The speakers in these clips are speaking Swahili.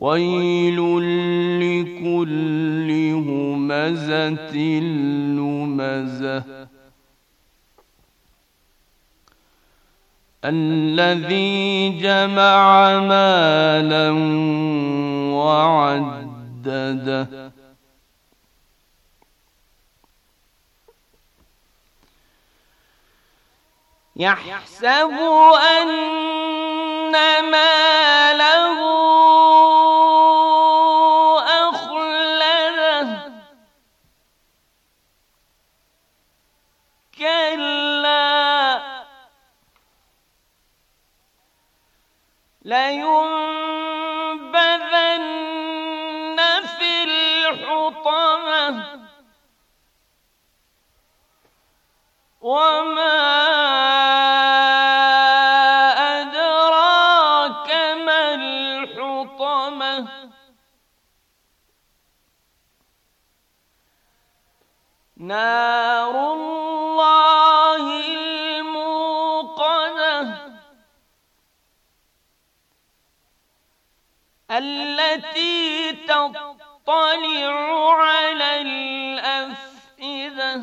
ويل لكل همزة لمزة الذي جمع مالا وعدده يحسب أن ماله لينبذن في الحطمة وما أدراك ما الحطمة نار التي تطلع على الأفئدة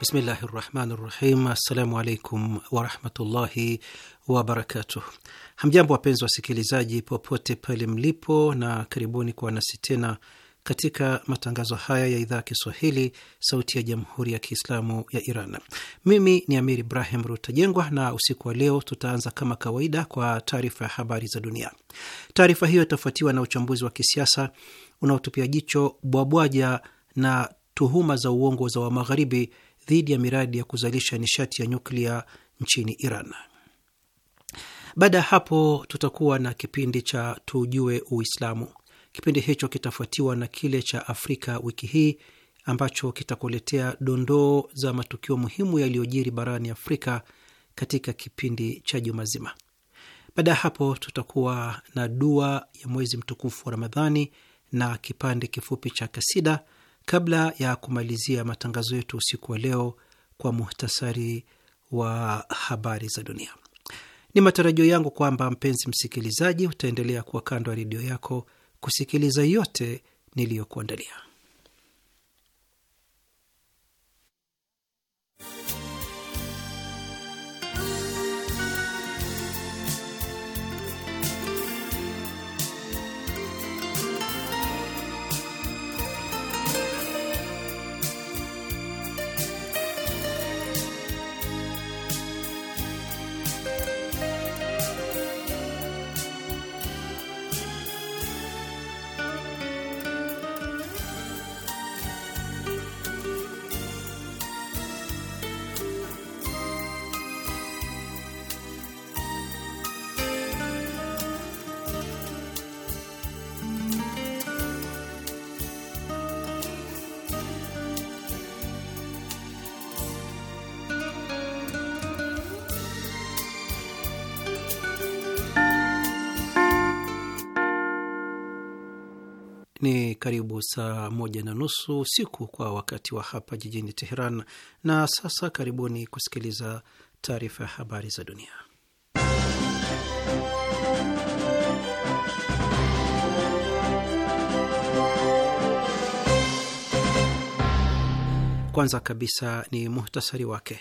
Bismillahi rahmani rahim. Assalamu alaikum warahmatullahi wabarakatuh. Hamjambo wapenzi wasikilizaji, popote pale mlipo, na karibuni kwa nasi tena katika matangazo haya ya idhaa ya Kiswahili, Sauti ya Jamhuri ya Kiislamu ya Iran. Mimi ni Amir Ibrahim Rutajengwa, na usiku wa leo tutaanza kama kawaida kwa taarifa ya habari za dunia. Taarifa hiyo itafuatiwa na uchambuzi wa kisiasa unaotupia jicho bwabwaja na tuhuma za uongo za Wamagharibi dhidi ya miradi ya kuzalisha nishati ya nyuklia nchini Iran. Baada ya hapo, tutakuwa na kipindi cha tujue Uislamu. Kipindi hicho kitafuatiwa na kile cha Afrika wiki hii ambacho kitakuletea dondoo za matukio muhimu yaliyojiri barani Afrika katika kipindi cha juma zima. Baada ya hapo, tutakuwa na dua ya mwezi mtukufu wa Ramadhani na kipande kifupi cha kasida Kabla ya kumalizia matangazo yetu usiku wa leo kwa muhtasari wa habari za dunia, ni matarajio yangu kwamba mpenzi msikilizaji, utaendelea kuwa kando ya redio yako kusikiliza yote niliyokuandalia. Ni karibu saa moja na nusu usiku kwa wakati wa hapa jijini Teheran. Na sasa karibuni kusikiliza taarifa ya habari za dunia. Kwanza kabisa ni muhtasari wake.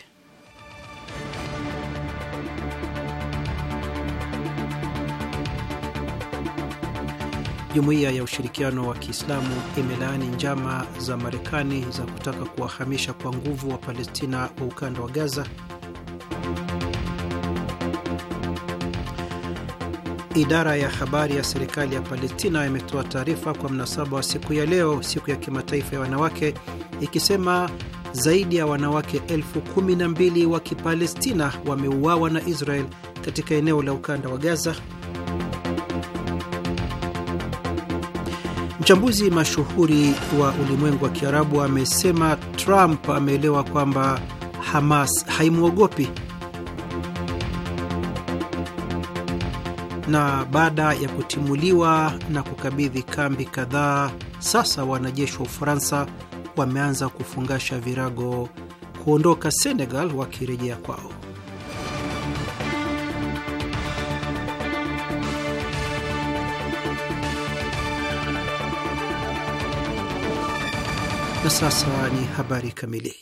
Jumuiya ya Ushirikiano wa Kiislamu imelaani njama za Marekani za kutaka kuwahamisha kwa nguvu wa Palestina wa ukanda wa Gaza. Idara ya habari ya serikali ya Palestina imetoa taarifa kwa mnasaba wa siku ya leo, siku ya kimataifa ya wanawake, ikisema zaidi ya wanawake elfu kumi na mbili wa Kipalestina wameuawa na Israel katika eneo la ukanda wa Gaza. Mchambuzi mashuhuri wa ulimwengu wa Kiarabu amesema Trump ameelewa kwamba Hamas haimwogopi. Na baada ya kutimuliwa na kukabidhi kambi kadhaa, sasa wanajeshi wa Ufaransa wameanza kufungasha virago kuondoka Senegal wakirejea kwao. Na sasa ni habari kamili.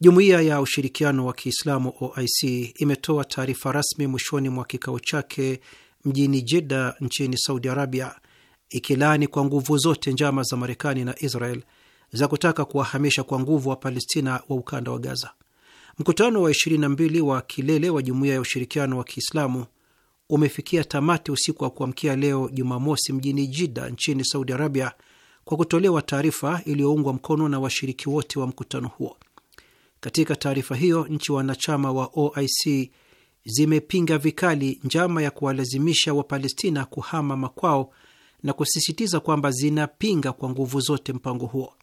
Jumuiya ya ushirikiano wa Kiislamu OIC imetoa taarifa rasmi mwishoni mwa kikao chake mjini Jeddah nchini Saudi Arabia, ikilaani kwa nguvu zote njama za Marekani na Israel za kutaka kuwahamisha kwa nguvu wa Palestina wa ukanda wa Gaza. Mkutano wa 22 wa kilele wa jumuiya ya ushirikiano wa Kiislamu umefikia tamati usiku wa kuamkia leo Jumamosi mjini Jida nchini Saudi Arabia, kwa kutolewa taarifa iliyoungwa mkono na washiriki wote wa mkutano huo. Katika taarifa hiyo, nchi wanachama wa OIC zimepinga vikali njama ya kuwalazimisha Wapalestina kuhama makwao na kusisitiza kwamba zinapinga kwa nguvu zote mpango huo.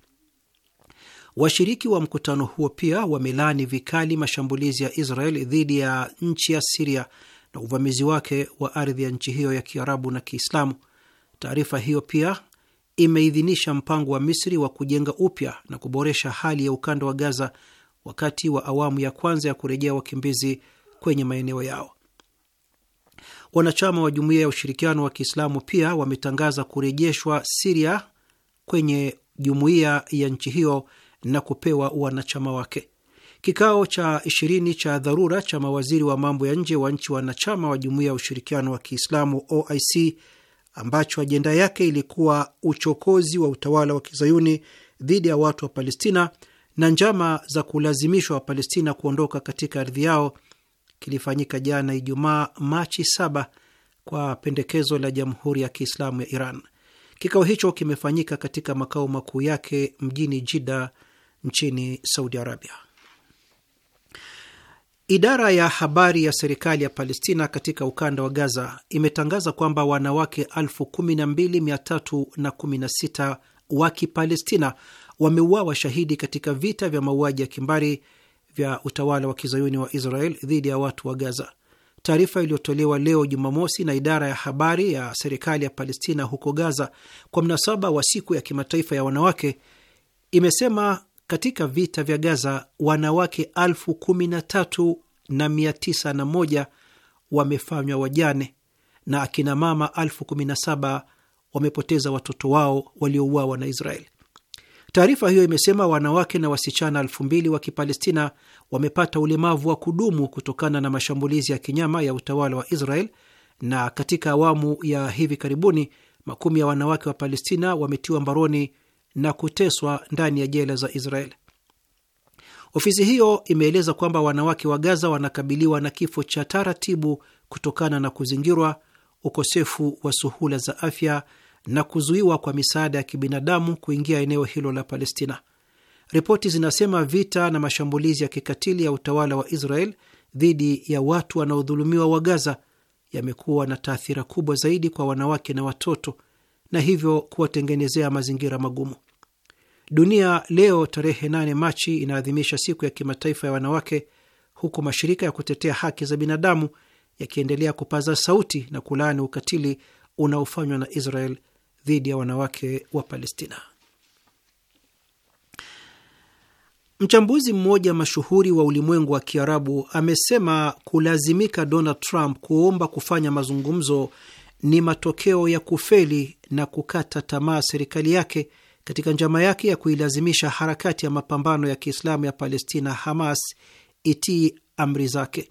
Washiriki wa mkutano huo pia wamelaani vikali mashambulizi ya Israel dhidi ya nchi ya Siria na uvamizi wake wa ardhi ya nchi hiyo ya Kiarabu na Kiislamu. Taarifa hiyo pia imeidhinisha mpango wa Misri wa kujenga upya na kuboresha hali ya ukanda wa Gaza wakati wa awamu ya kwanza ya kurejea wakimbizi kwenye maeneo yao. Wanachama wa Jumuiya ya Ushirikiano wa Kiislamu pia wametangaza kurejeshwa Siria kwenye jumuiya ya nchi hiyo na kupewa wanachama wake. Kikao cha ishirini cha dharura cha mawaziri wa mambo ya nje wa nchi wanachama wa Jumuiya ya Ushirikiano wa Kiislamu OIC ambacho ajenda yake ilikuwa uchokozi wa utawala wa kizayuni dhidi ya watu wa Palestina na njama za kulazimishwa Wapalestina kuondoka katika ardhi yao kilifanyika jana Ijumaa, Machi 7 kwa pendekezo la Jamhuri ya Kiislamu ya Iran. Kikao hicho kimefanyika katika makao makuu yake mjini Jida nchini Saudi Arabia. Idara ya habari ya serikali ya Palestina katika ukanda wa Gaza imetangaza kwamba wanawake 12316 wa Kipalestina wameuawa shahidi katika vita vya mauaji ya kimbari vya utawala wa kizayuni wa Israel dhidi ya watu wa Gaza. Taarifa iliyotolewa leo Jumamosi na idara ya habari ya serikali ya Palestina huko Gaza kwa mnasaba wa siku ya kimataifa ya wanawake imesema katika vita vya Gaza wanawake elfu kumi na tatu na mia tisa na moja wamefanywa wajane na akina mama elfu kumi na saba wamepoteza watoto wao waliouawa na Israeli. Taarifa hiyo imesema wanawake na wasichana elfu mbili wa Kipalestina wamepata ulemavu wa kudumu kutokana na mashambulizi ya kinyama ya utawala wa Israel, na katika awamu ya hivi karibuni makumi ya wanawake wa Palestina wametiwa mbaroni na kuteswa ndani ya jela za Israel. Ofisi hiyo imeeleza kwamba wanawake wa Gaza wanakabiliwa na kifo cha taratibu kutokana na kuzingirwa, ukosefu wa suhula za afya na kuzuiwa kwa misaada ya kibinadamu kuingia eneo hilo la Palestina. Ripoti zinasema vita na mashambulizi ya kikatili ya utawala wa Israel dhidi ya watu wanaodhulumiwa wa Gaza yamekuwa na taathira kubwa zaidi kwa wanawake na watoto na hivyo kuwatengenezea mazingira magumu. Dunia leo tarehe 8 Machi inaadhimisha siku ya kimataifa ya wanawake, huku mashirika ya kutetea haki za binadamu yakiendelea kupaza sauti na kulaani ukatili unaofanywa na Israel dhidi ya wanawake wa Palestina. Mchambuzi mmoja mashuhuri wa ulimwengu wa Kiarabu amesema kulazimika Donald Trump kuomba kufanya mazungumzo ni matokeo ya kufeli na kukata tamaa serikali yake katika njama yake ya kuilazimisha harakati ya mapambano ya Kiislamu ya Palestina Hamas itii amri zake.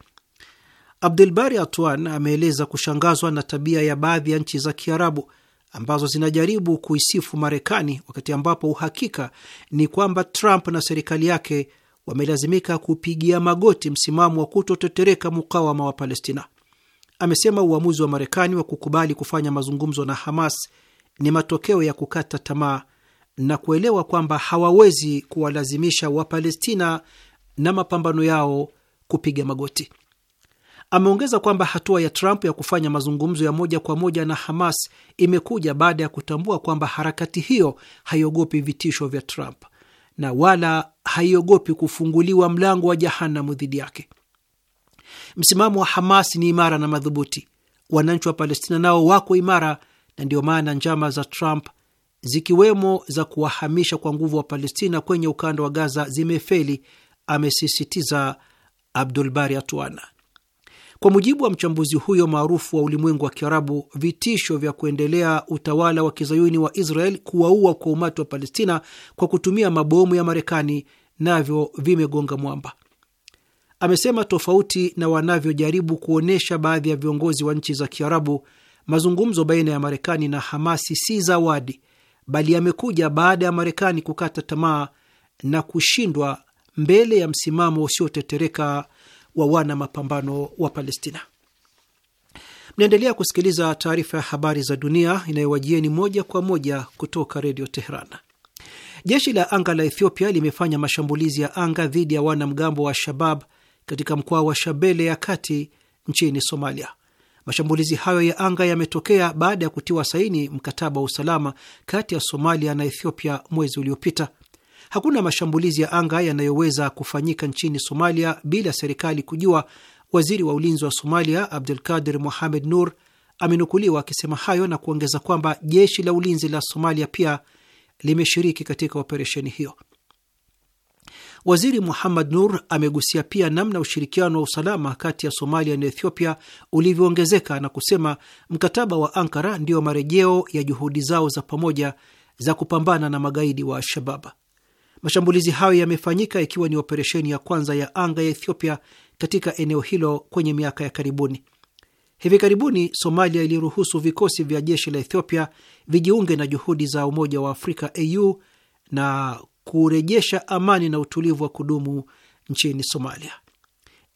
Abdulbari Atwan ameeleza kushangazwa na tabia ya baadhi ya nchi za Kiarabu ambazo zinajaribu kuisifu Marekani wakati ambapo uhakika ni kwamba Trump na serikali yake wamelazimika kupigia magoti msimamo wa kutotetereka mukawama wa Palestina. Amesema uamuzi wa Marekani wa kukubali kufanya mazungumzo na Hamas ni matokeo ya kukata tamaa na kuelewa kwamba hawawezi kuwalazimisha Wapalestina na mapambano yao kupiga magoti. Ameongeza kwamba hatua ya Trump ya kufanya mazungumzo ya moja kwa moja na Hamas imekuja baada ya kutambua kwamba harakati hiyo haiogopi vitisho vya Trump na wala haiogopi kufunguliwa mlango wa jehanamu dhidi yake. Msimamo wa Hamas ni imara na madhubuti. Wananchi wa Palestina nao wako imara, na ndiyo maana njama za Trump zikiwemo za kuwahamisha kwa nguvu wa Palestina kwenye ukanda wa Gaza zimefeli, amesisitiza Abdulbari Atwana. Kwa mujibu wa mchambuzi huyo maarufu wa ulimwengu wa Kiarabu, vitisho vya kuendelea utawala wa kizayuni wa Israel kuwaua kwa umati wa Palestina kwa kutumia mabomu ya Marekani navyo vimegonga mwamba. Amesema tofauti na wanavyojaribu kuonyesha baadhi ya viongozi wa nchi za Kiarabu, mazungumzo baina ya Marekani na Hamasi si zawadi, bali yamekuja baada ya Marekani kukata tamaa na kushindwa mbele ya msimamo usiotetereka wa wana mapambano wa Palestina. Mnaendelea kusikiliza taarifa ya habari za dunia inayowajieni moja kwa moja kutoka redio Teheran. Jeshi la anga la Ethiopia limefanya mashambulizi ya anga dhidi ya wanamgambo wa Shabab katika mkoa wa Shabele ya kati nchini Somalia. Mashambulizi hayo ya anga yametokea baada ya kutiwa saini mkataba wa usalama kati ya Somalia na Ethiopia mwezi uliopita. Hakuna mashambulizi ya anga yanayoweza kufanyika nchini Somalia bila serikali kujua. Waziri wa ulinzi wa Somalia Abdulkadir Mohamed Nur amenukuliwa akisema hayo na kuongeza kwamba jeshi la ulinzi la Somalia pia limeshiriki katika operesheni hiyo. Waziri Muhammad Nur amegusia pia namna ushirikiano wa usalama kati ya Somalia na Ethiopia ulivyoongezeka na kusema mkataba wa Ankara ndiyo marejeo ya juhudi zao za pamoja za kupambana na magaidi wa al-shabab Mashambulizi hayo yamefanyika ikiwa ni operesheni ya kwanza ya anga ya Ethiopia katika eneo hilo kwenye miaka ya karibuni. Hivi karibuni Somalia iliruhusu vikosi vya jeshi la Ethiopia vijiunge na juhudi za Umoja wa Afrika au na kurejesha amani na utulivu wa kudumu nchini Somalia.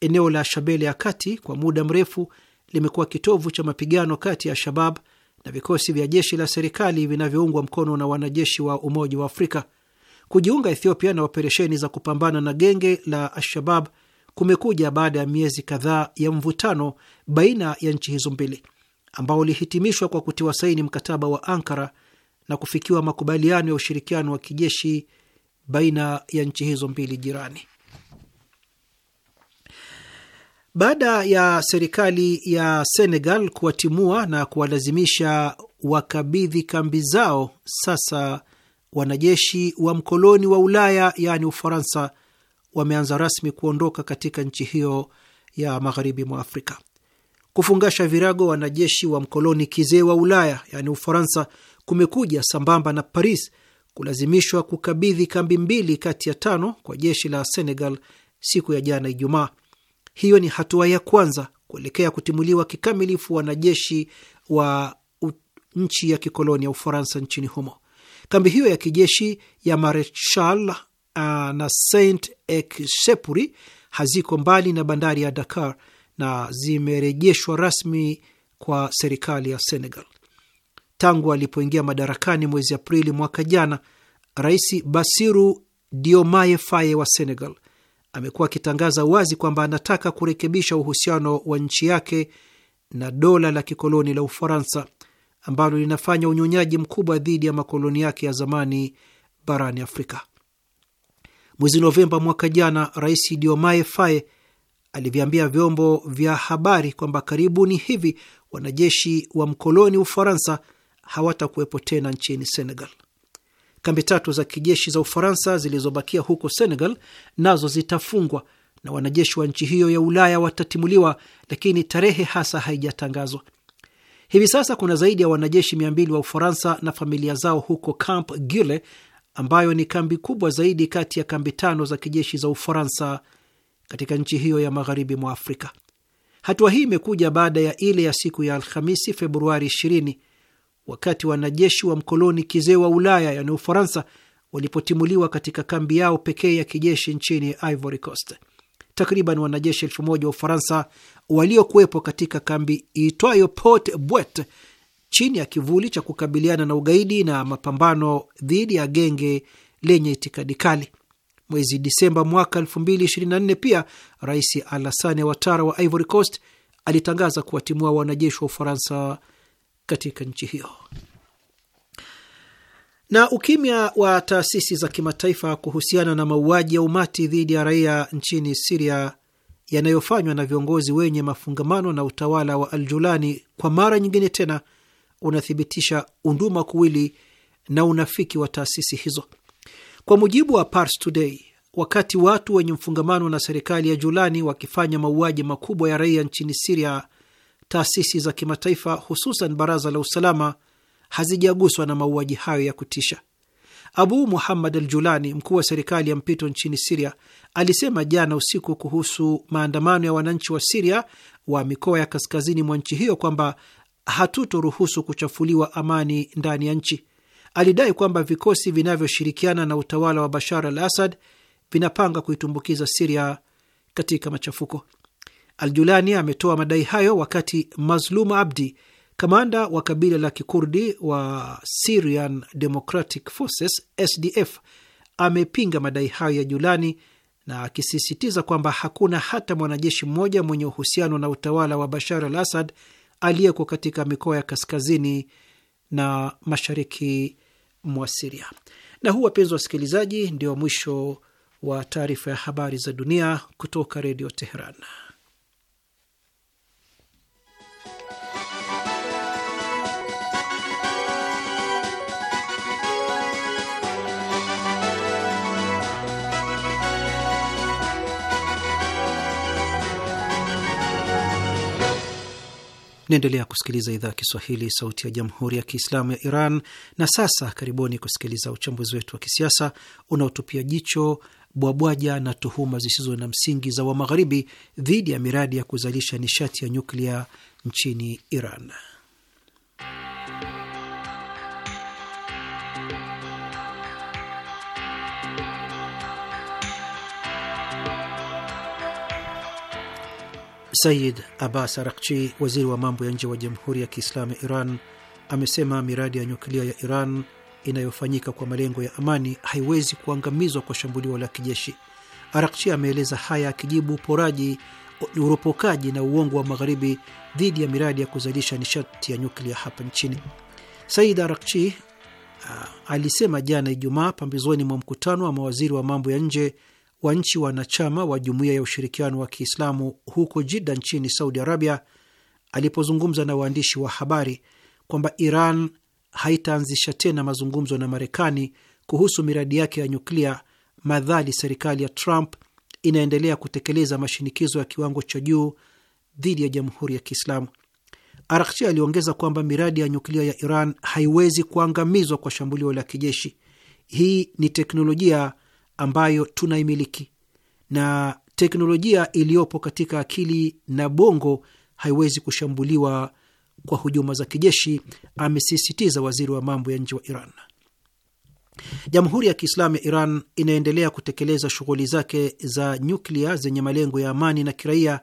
Eneo la Shabele ya kati kwa muda mrefu limekuwa kitovu cha mapigano kati ya Shabab na vikosi vya jeshi la serikali vinavyoungwa mkono na wanajeshi wa Umoja wa Afrika. Kujiunga Ethiopia na operesheni za kupambana na genge la Alshabab kumekuja baada ya miezi kadhaa ya mvutano baina ya nchi hizo mbili ambao ulihitimishwa kwa kutiwa saini mkataba wa Ankara na kufikiwa makubaliano ya ushirikiano wa kijeshi baina ya nchi hizo mbili jirani. Baada ya serikali ya Senegal kuwatimua na kuwalazimisha wakabidhi kambi zao, sasa wanajeshi wa mkoloni wa Ulaya yaani Ufaransa wameanza rasmi kuondoka katika nchi hiyo ya magharibi mwa Afrika. Kufungasha virago wanajeshi wa mkoloni kizee wa Ulaya yaani Ufaransa kumekuja sambamba na Paris kulazimishwa kukabidhi kambi mbili kati ya tano kwa jeshi la Senegal siku ya jana Ijumaa. Hiyo ni hatua ya kwanza kuelekea kutimuliwa kikamilifu wanajeshi wa nchi ya kikoloni ya Ufaransa nchini humo. Kambi hiyo ya kijeshi ya Marechal uh, na Saint esepuri haziko mbali na bandari ya Dakar na zimerejeshwa rasmi kwa serikali ya Senegal tangu alipoingia madarakani mwezi Aprili mwaka jana. Rais Basiru Diomaye Faye wa Senegal amekuwa akitangaza wazi kwamba anataka kurekebisha uhusiano wa nchi yake na dola la kikoloni la Ufaransa ambalo linafanya unyonyaji mkubwa dhidi ya makoloni yake ya zamani barani Afrika. Mwezi Novemba mwaka jana, Rais Diomaye Faye aliviambia vyombo vya habari kwamba karibuni hivi wanajeshi wa mkoloni Ufaransa hawatakuwepo tena nchini Senegal. Kambi tatu za kijeshi za Ufaransa zilizobakia huko Senegal nazo zitafungwa na wanajeshi wa nchi hiyo ya Ulaya watatimuliwa, lakini tarehe hasa haijatangazwa. Hivi sasa kuna zaidi ya wanajeshi mbili wa Ufaransa na familia zao huko Camp Gule, ambayo ni kambi kubwa zaidi kati ya kambi tano za kijeshi za Ufaransa katika nchi hiyo ya magharibi mwa Afrika. Hatua hii imekuja baada ya ile ya siku ya Alhamisi, Februari 20 wakati wanajeshi wa mkoloni kizee wa Ulaya yani Ufaransa walipotimuliwa katika kambi yao pekee ya kijeshi nchini Ivory Coast. Takriban wanajeshi elfu moja wa Ufaransa waliokuwepo katika kambi iitwayo Port Bwet chini ya kivuli cha kukabiliana na ugaidi na mapambano dhidi ya genge lenye itikadi kali. Mwezi Disemba mwaka 2024 pia Rais Alassane Ouattara wa Ivory Coast alitangaza kuwatimua wanajeshi wa Ufaransa katika nchi hiyo. Na ukimya wa taasisi za kimataifa kuhusiana na mauaji ya umati dhidi ya raia nchini Siria yanayofanywa na viongozi wenye mafungamano na utawala wa Aljulani kwa mara nyingine tena unathibitisha unduma kuwili na unafiki wa taasisi hizo. Kwa mujibu wa Pars Today, wakati watu wenye mfungamano na serikali ya Julani wakifanya mauaji makubwa ya raia nchini Siria taasisi za kimataifa, hususan Baraza la Usalama, hazijaguswa na mauaji hayo ya kutisha. Abu Muhammad al Julani, mkuu wa serikali ya mpito nchini Siria, alisema jana usiku kuhusu maandamano ya wananchi wa Siria wa mikoa ya kaskazini mwa nchi hiyo kwamba hatutoruhusu kuchafuliwa amani ndani ya nchi. Alidai kwamba vikosi vinavyoshirikiana na utawala wa Bashar al Asad vinapanga kuitumbukiza Siria katika machafuko al julani ametoa madai hayo wakati Mazlum Abdi, kamanda wa kabila la kikurdi wa Syrian Democratic Forces SDF, amepinga madai hayo ya Julani na akisisitiza kwamba hakuna hata mwanajeshi mmoja mwenye uhusiano na utawala wa Bashar al Assad aliyeko katika mikoa ya kaskazini na mashariki mwa Siria. Na huu, wapenzi wa wasikilizaji, ndio mwisho wa taarifa ya habari za dunia kutoka Redio Teheran. Mnaendelea kusikiliza idhaa ya Kiswahili, sauti ya jamhuri ya kiislamu ya Iran. Na sasa karibuni kusikiliza uchambuzi wetu wa kisiasa unaotupia jicho bwabwaja na tuhuma zisizo na msingi za Wamagharibi dhidi ya miradi ya kuzalisha nishati ya nyuklia nchini Iran. Sayid Abbas Arakchi, waziri wa mambo ya nje wa Jamhuri ya Kiislamu ya Iran, amesema miradi ya nyuklia ya Iran inayofanyika kwa malengo ya amani haiwezi kuangamizwa kwa shambulio la kijeshi. Arakchi ameeleza haya akijibu uporaji, uropokaji na uongo wa Magharibi dhidi ya miradi ya kuzalisha nishati ya nyuklia hapa nchini. Said Arakchi uh, alisema jana Ijumaa pambizoni mwa mkutano wa mawaziri wa mambo ya nje wa nchi wanachama wa Jumuiya ya Ushirikiano wa Kiislamu huko Jidda nchini Saudi Arabia alipozungumza na waandishi wa habari kwamba Iran haitaanzisha tena mazungumzo na Marekani kuhusu miradi yake ya nyuklia madhali serikali ya Trump inaendelea kutekeleza mashinikizo ya kiwango cha juu dhidi ya Jamhuri ya Kiislamu. Araghchi aliongeza kwamba miradi ya nyuklia ya Iran haiwezi kuangamizwa kwa shambulio la kijeshi. Hii ni teknolojia ambayo tunaimiliki na teknolojia iliyopo katika akili na bongo haiwezi kushambuliwa kwa hujuma za kijeshi, amesisitiza waziri wa mambo ya nje wa Iran. Jamhuri ya Kiislamu ya Iran inaendelea kutekeleza shughuli zake za nyuklia zenye malengo ya amani na kiraia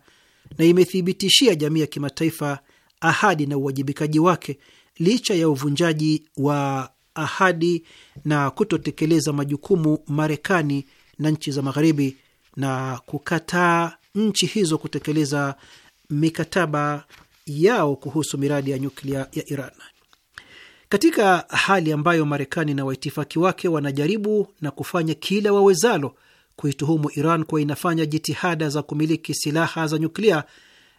na imethibitishia jamii ya kimataifa ahadi na uwajibikaji wake licha ya uvunjaji wa ahadi na kutotekeleza majukumu Marekani na nchi za Magharibi na kukataa nchi hizo kutekeleza mikataba yao kuhusu miradi ya nyuklia ya Iran. Katika hali ambayo Marekani na waitifaki wake wanajaribu na kufanya kila wawezalo kuituhumu Iran kuwa inafanya jitihada za kumiliki silaha za nyuklia,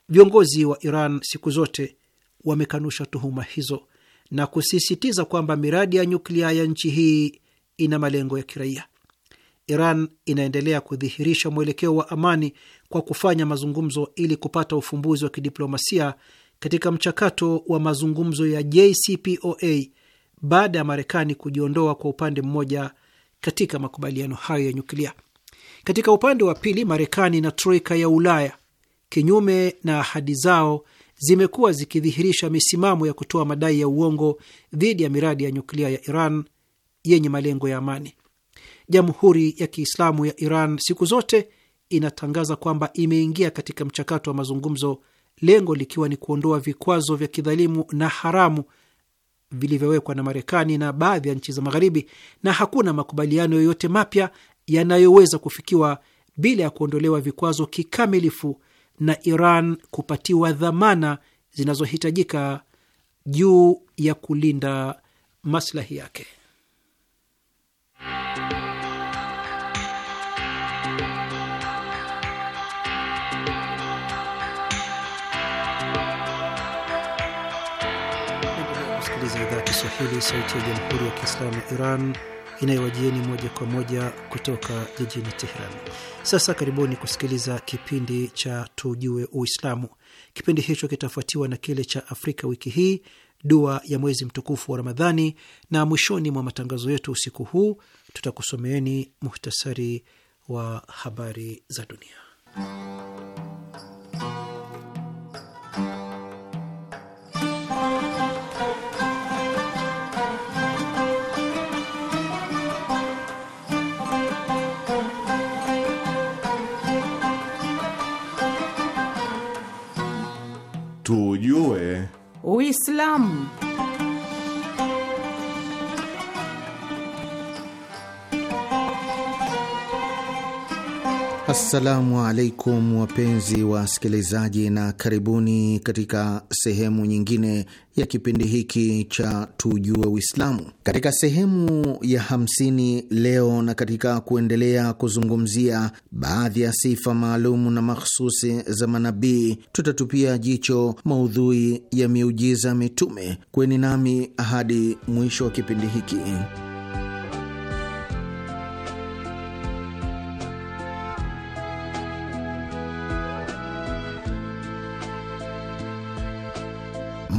viongozi wa Iran siku zote wamekanusha tuhuma hizo na kusisitiza kwamba miradi ya nyuklia ya nchi hii ina malengo ya kiraia. Iran inaendelea kudhihirisha mwelekeo wa amani kwa kufanya mazungumzo ili kupata ufumbuzi wa kidiplomasia katika mchakato wa mazungumzo ya JCPOA baada ya Marekani kujiondoa kwa upande mmoja katika makubaliano hayo ya nyuklia. Katika upande wa pili, Marekani na troika ya Ulaya, kinyume na ahadi zao, zimekuwa zikidhihirisha misimamo ya kutoa madai ya uongo dhidi ya miradi ya nyuklia ya Iran yenye malengo ya amani. Jamhuri ya Kiislamu ya Iran siku zote inatangaza kwamba imeingia katika mchakato wa mazungumzo, lengo likiwa ni kuondoa vikwazo vya kidhalimu na haramu vilivyowekwa na Marekani na baadhi ya nchi za Magharibi, na hakuna makubaliano yoyote mapya yanayoweza kufikiwa bila ya kuondolewa vikwazo kikamilifu na Iran kupatiwa dhamana zinazohitajika juu ya kulinda maslahi yake. Idhaa Kiswahili, Sauti ya Jamhuri ya Kiislamu Iran inayowajieni moja kwa moja kutoka jijini Teheran. Sasa karibuni kusikiliza kipindi cha Tujue Uislamu. Kipindi hicho kitafuatiwa na kile cha Afrika Wiki Hii, dua ya mwezi mtukufu wa Ramadhani, na mwishoni mwa matangazo yetu usiku huu tutakusomeeni muhtasari wa habari za dunia. tujue Uislamu. Assalamu alaikum wapenzi wasikilizaji, na karibuni katika sehemu nyingine ya kipindi hiki cha Tujue Uislamu. Katika sehemu ya hamsini leo, na katika kuendelea kuzungumzia baadhi ya sifa maalum na makhususi za manabii, tutatupia jicho maudhui ya miujiza mitume. Kweni nami hadi mwisho wa kipindi hiki.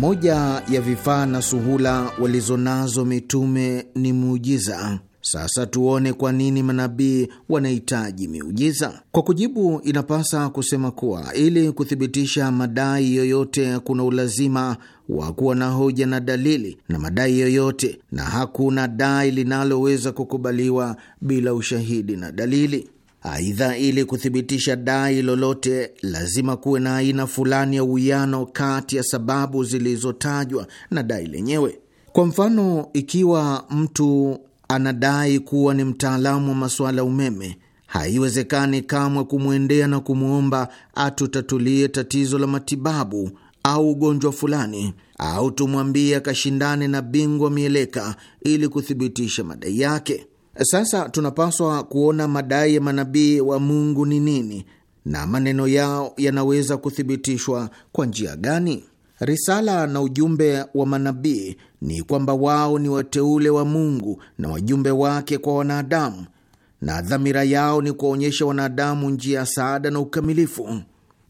Moja ya vifaa na suhula walizonazo mitume ni muujiza. Sasa tuone kwa nini manabii wanahitaji miujiza. Kwa kujibu, inapasa kusema kuwa ili kuthibitisha madai yoyote kuna ulazima wa kuwa na hoja na dalili na madai yoyote, na hakuna dai linaloweza kukubaliwa bila ushahidi na dalili. Aidha, ili kuthibitisha dai lolote lazima kuwe na aina fulani ya uwiano kati ya sababu zilizotajwa na dai lenyewe. Kwa mfano, ikiwa mtu anadai kuwa ni mtaalamu wa masuala ya umeme, haiwezekani kamwe kumwendea na kumwomba atutatulie tatizo la matibabu au ugonjwa fulani au tumwambie akashindane na bingwa mieleka ili kuthibitisha madai yake. Sasa tunapaswa kuona madai ya manabii wa Mungu ni nini na maneno yao yanaweza kuthibitishwa kwa njia gani? Risala na ujumbe wa manabii ni kwamba wao ni wateule wa Mungu na wajumbe wake kwa wanadamu, na dhamira yao ni kuwaonyesha wanadamu njia ya saada na ukamilifu.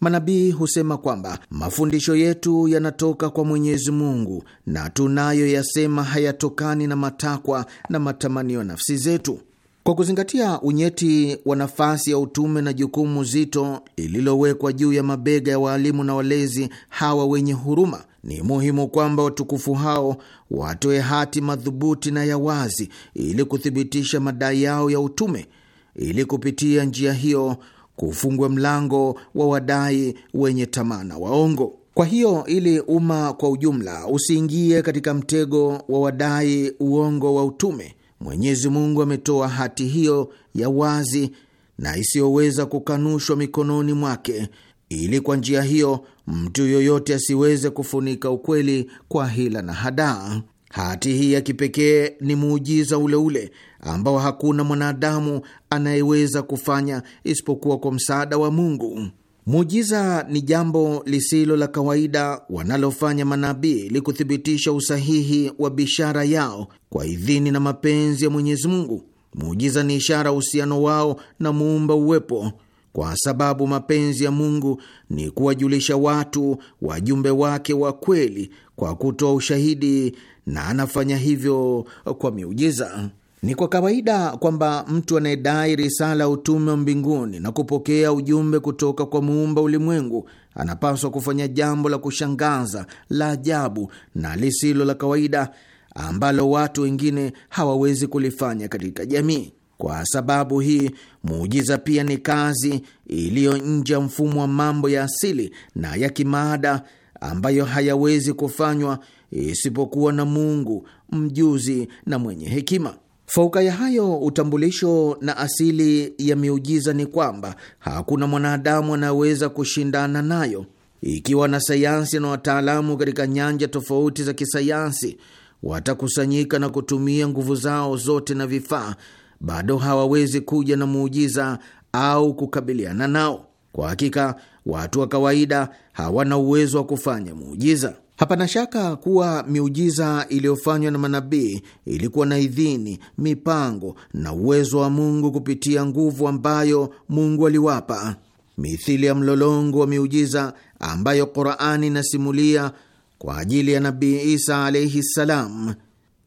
Manabii husema kwamba mafundisho yetu yanatoka kwa Mwenyezi Mungu na tunayoyasema hayatokani na matakwa na matamanio ya nafsi zetu. Kwa kuzingatia unyeti wa nafasi ya utume na jukumu zito lililowekwa juu ya mabega ya waalimu na walezi hawa wenye huruma, ni muhimu kwamba watukufu hao watoe hati madhubuti na ya wazi ili kuthibitisha madai yao ya utume, ili kupitia njia hiyo kufungwe mlango wa wadai wenye tamana waongo. Kwa hiyo ili umma kwa ujumla usiingie katika mtego wa wadai uongo wa utume, Mwenyezi Mungu ametoa hati hiyo ya wazi na isiyoweza kukanushwa mikononi mwake, ili kwa njia hiyo mtu yoyote asiweze kufunika ukweli kwa hila na hadaa. Hati hii ya kipekee ni muujiza uleule ambao hakuna mwanadamu anayeweza kufanya isipokuwa kwa msaada wa Mungu. Muujiza ni jambo lisilo la kawaida wanalofanya manabii ili kuthibitisha usahihi wa bishara yao kwa idhini na mapenzi ya Mwenyezi Mungu. Muujiza ni ishara uhusiano wao na muumba uwepo kwa sababu mapenzi ya Mungu ni kuwajulisha watu wajumbe wake wa kweli kwa kutoa ushahidi, na anafanya hivyo kwa miujiza. Ni kwa kawaida kwamba mtu anayedai risala ya utume wa mbinguni na kupokea ujumbe kutoka kwa muumba ulimwengu anapaswa kufanya jambo la kushangaza, la ajabu na lisilo la kawaida ambalo watu wengine hawawezi kulifanya katika jamii. Kwa sababu hii, muujiza pia ni kazi iliyo nje ya mfumo wa mambo ya asili na ya kimaada ambayo hayawezi kufanywa isipokuwa na Mungu mjuzi na mwenye hekima. Fauka ya hayo, utambulisho na asili ya miujiza ni kwamba hakuna mwanadamu anaweza kushindana nayo. Ikiwa na sayansi na wataalamu katika nyanja tofauti za kisayansi watakusanyika na kutumia nguvu zao zote na vifaa bado hawawezi kuja na muujiza au kukabiliana nao. Kwa hakika watu wa kawaida hawana uwezo wa kufanya muujiza. Hapana shaka kuwa miujiza iliyofanywa na manabii ilikuwa na idhini, mipango na uwezo wa Mungu kupitia nguvu ambayo Mungu aliwapa, mithili ya mlolongo wa miujiza ambayo Qurani inasimulia kwa ajili ya Nabii Isa alaihi ssalam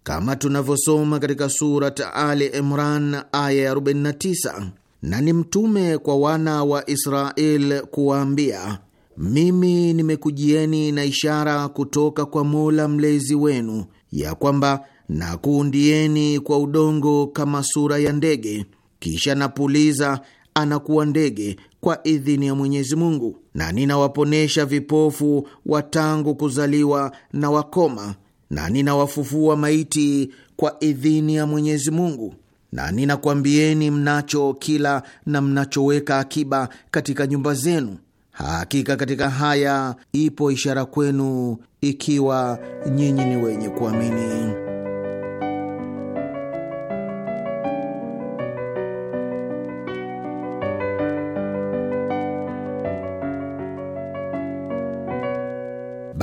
kama tunavyosoma katika Surat Ali Imran aya ya 49, na ni mtume kwa wana wa Israel kuwaambia, mimi nimekujieni na ishara kutoka kwa Mola mlezi wenu ya kwamba nakuundieni kwa udongo kama sura ya ndege, kisha napuliza anakuwa ndege kwa idhini ya Mwenyezi Mungu, na ninawaponesha vipofu watangu kuzaliwa na wakoma na ninawafufua maiti kwa idhini ya Mwenyezi Mungu, na ninakwambieni mnacho kila na mnachoweka akiba katika nyumba zenu. Hakika katika haya ipo ishara kwenu, ikiwa nyinyi ni wenye kuamini.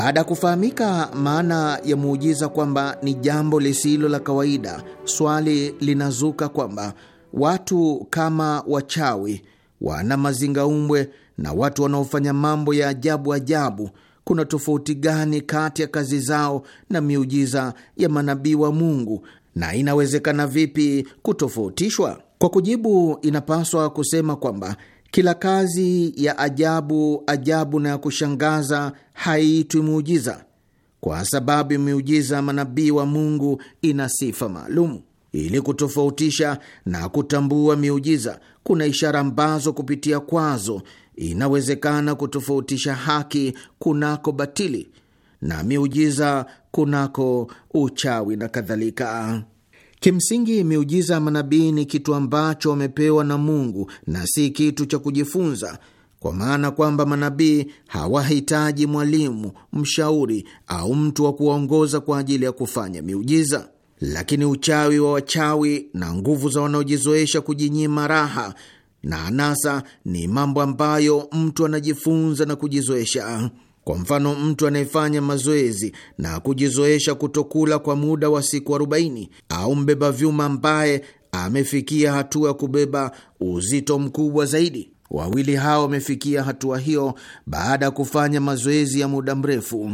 Baada ya kufahamika maana ya muujiza kwamba ni jambo lisilo la kawaida, swali linazuka kwamba watu kama wachawi, wana mazingaumbwe na watu wanaofanya mambo ya ajabu ajabu, kuna tofauti gani kati ya kazi zao na miujiza ya manabii wa Mungu, na inawezekana vipi kutofautishwa? Kwa kujibu, inapaswa kusema kwamba kila kazi ya ajabu ajabu na ya kushangaza haiitwi muujiza, kwa sababu miujiza manabii wa Mungu ina sifa maalum Ili kutofautisha na kutambua miujiza, kuna ishara ambazo kupitia kwazo inawezekana kutofautisha haki kunako batili na miujiza kunako uchawi na kadhalika. Kimsingi, miujiza ya manabii ni kitu ambacho wamepewa na Mungu na si kitu cha kujifunza, kwa maana kwamba manabii hawahitaji mwalimu, mshauri au mtu wa kuwaongoza kwa ajili ya kufanya miujiza. Lakini uchawi wa wachawi na nguvu za wanaojizoesha kujinyima raha na anasa ni mambo ambayo mtu anajifunza na kujizoesha. Kwa mfano, mtu anayefanya mazoezi na kujizoesha kutokula kwa muda wa siku 40 au mbeba vyuma ambaye amefikia hatua ya kubeba uzito mkubwa zaidi. Wawili hao wamefikia hatua hiyo baada ya kufanya mazoezi ya muda mrefu.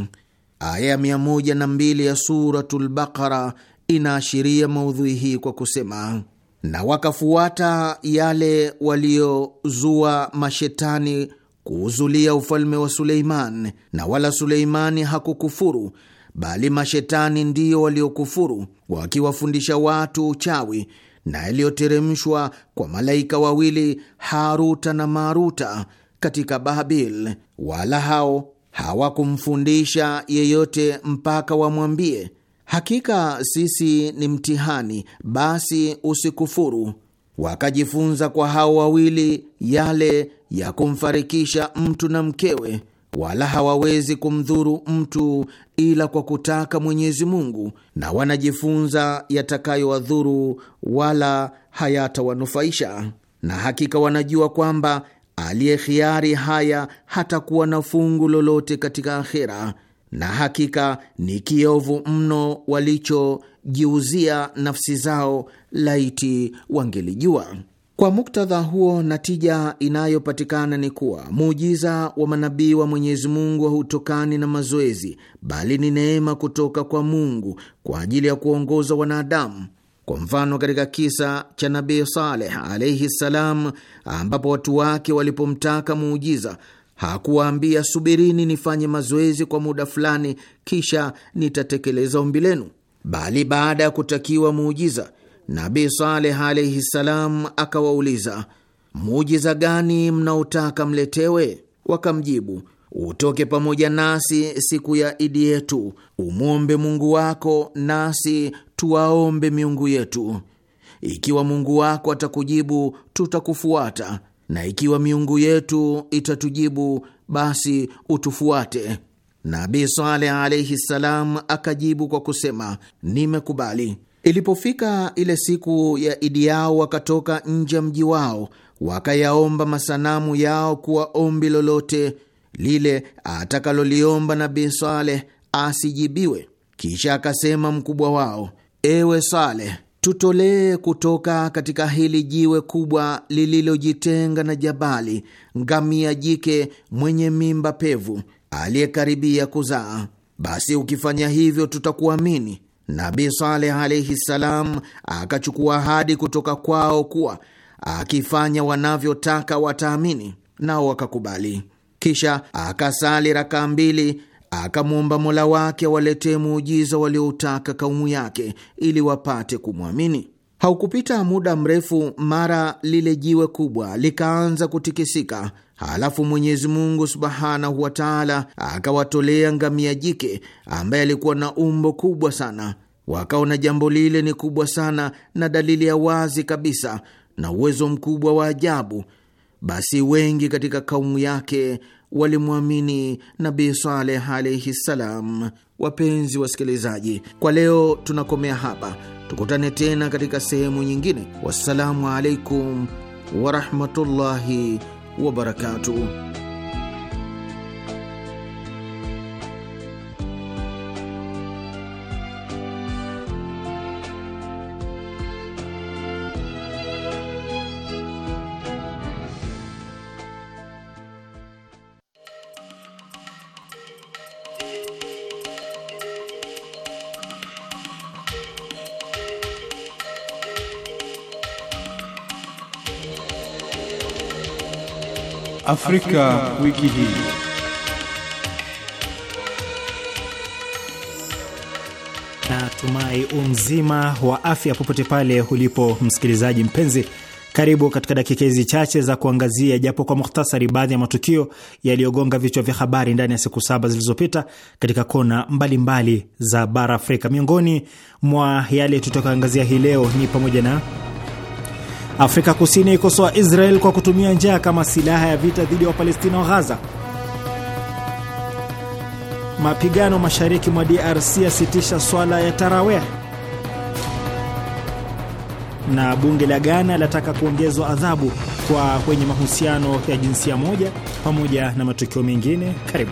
Aya ya mbili ya Suratul Baqara inaashiria maudhui hii kwa kusema na wakafuata yale waliozua mashetani kuuzulia ufalme wa Suleiman, na wala Suleimani hakukufuru, bali mashetani ndiyo waliokufuru, wakiwafundisha watu uchawi na yaliyoteremshwa kwa malaika wawili Haruta na Maruta katika Babil, wala hao hawakumfundisha yeyote mpaka wamwambie, hakika sisi ni mtihani, basi usikufuru. Wakajifunza kwa hao wawili yale ya kumfarikisha mtu na mkewe, wala hawawezi kumdhuru mtu ila kwa kutaka Mwenyezi Mungu, na wanajifunza yatakayowadhuru wala hayatawanufaisha, na hakika wanajua kwamba aliye haya hatakuwa na fungu lolote katika akhera, na hakika ni kiovu mno walichojiuzia nafsi zao, laiti wangelijua. Kwa muktadha huo, natija inayopatikana ni kuwa muujiza wa manabii wa Mwenyezi Mungu hautokani na mazoezi, bali ni neema kutoka kwa Mungu kwa ajili ya kuongoza wanadamu. Kwa mfano, katika kisa cha Nabii Saleh alaihi ssalam, ambapo watu wake walipomtaka muujiza hakuwaambia subirini, nifanye mazoezi kwa muda fulani, kisha nitatekeleza ombi lenu, bali baada ya kutakiwa muujiza Nabi Saleh alaihi salam akawauliza, mujiza gani mnaotaka mletewe? Wakamjibu, utoke pamoja nasi siku ya Idi yetu, umwombe Mungu wako nasi tuwaombe miungu yetu. Ikiwa Mungu wako atakujibu, tutakufuata, na ikiwa miungu yetu itatujibu, basi utufuate. Nabi Saleh alaihi salam akajibu kwa kusema, nimekubali. Ilipofika ile siku ya Idi yao, wakatoka nje ya mji wao, wakayaomba masanamu yao kuwa ombi lolote lile atakaloliomba Nabii Saleh asijibiwe. Kisha akasema mkubwa wao, ewe Saleh, tutolee kutoka katika hili jiwe kubwa lililojitenga na jabali ngamia jike mwenye mimba pevu aliyekaribia kuzaa. Basi ukifanya hivyo tutakuamini Nabi Saleh alaihi salam akachukua ahadi kutoka kwao kuwa akifanya wanavyotaka wataamini, nao wakakubali. Kisha akasali rakaa mbili, akamwomba mola wake awaletee muujiza walioutaka kaumu yake ili wapate kumwamini. Haukupita muda mrefu, mara lile jiwe kubwa likaanza kutikisika alafu Mwenyezi Mungu subhanahu wa taala akawatolea ngamia jike ambaye alikuwa na umbo kubwa sana. Wakaona jambo lile ni kubwa sana na dalili ya wazi kabisa na uwezo mkubwa wa ajabu. Basi wengi katika kaumu yake walimwamini Nabii Saleh alaihi ssalam. Wapenzi wasikilizaji, kwa leo tunakomea hapa, tukutane tena katika sehemu nyingine. Wassalamu alaikum warahmatullahi wabarakatuh. Afrika, wiki hii. Natumai umzima wa afya popote pale ulipo msikilizaji mpenzi. Karibu katika dakika hizi chache za kuangazia japo kwa muhtasari baadhi ya matukio yaliyogonga vichwa vya habari ndani ya siku saba zilizopita katika kona mbalimbali mbali za bara Afrika. Miongoni mwa yale tutakayoangazia hii leo ni pamoja na Afrika Kusini ikosoa Israel kwa kutumia njaa kama silaha ya vita dhidi ya Wapalestina wa Ghaza. Mapigano mashariki mwa DRC yasitisha swala ya taraweh, na bunge la Ghana lataka kuongezwa adhabu kwa wenye mahusiano ya jinsia moja, pamoja na matukio mengine. Karibu.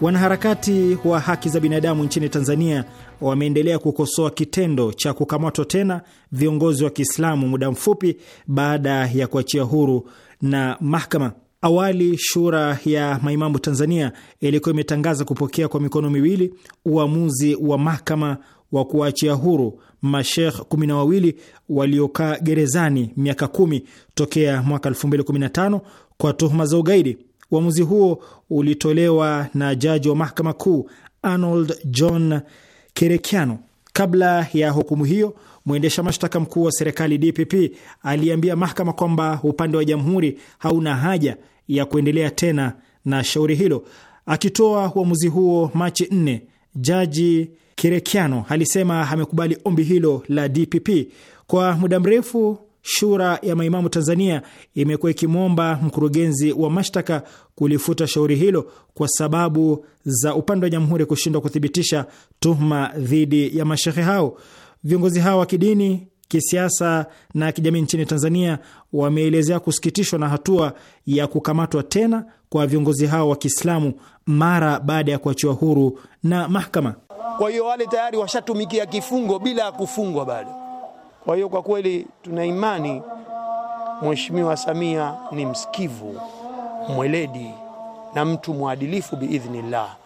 Wanaharakati wa haki za binadamu nchini Tanzania wameendelea kukosoa kitendo cha kukamatwa tena viongozi wa Kiislamu muda mfupi baada ya kuachia huru na mahakama. Awali shura ya maimamu Tanzania ilikuwa imetangaza kupokea kwa mikono miwili uamuzi wa mahakama wa kuwaachia huru mashekh kumi na wawili waliokaa gerezani miaka kumi tokea mwaka 2015 kwa tuhuma za ugaidi. Uamuzi huo ulitolewa na jaji wa mahakama kuu Arnold John Kerekiano. Kabla ya hukumu hiyo, mwendesha mashtaka mkuu wa serikali DPP aliambia mahakama kwamba upande wa jamhuri hauna haja ya kuendelea tena na shauri hilo. Akitoa uamuzi huo Machi 4, jaji Kerekiano alisema amekubali ombi hilo la DPP. Kwa muda mrefu, Shura ya Maimamu Tanzania imekuwa ikimwomba mkurugenzi wa mashtaka kulifuta shauri hilo kwa sababu za upande wa jamhuri kushindwa kuthibitisha tuhuma dhidi ya mashehe hao. Viongozi hao wa kidini, kisiasa na kijamii nchini Tanzania wameelezea kusikitishwa na hatua ya kukamatwa tena kwa viongozi hao wa Kiislamu mara baada ya kuachiwa huru na mahakama. Kwa hiyo wale tayari washatumikia kifungo bila ya kufungwa bado. Kwa hiyo kwa kweli tuna imani Mheshimiwa Samia ni msikivu mweledi na mtu mwadilifu biidhnillah.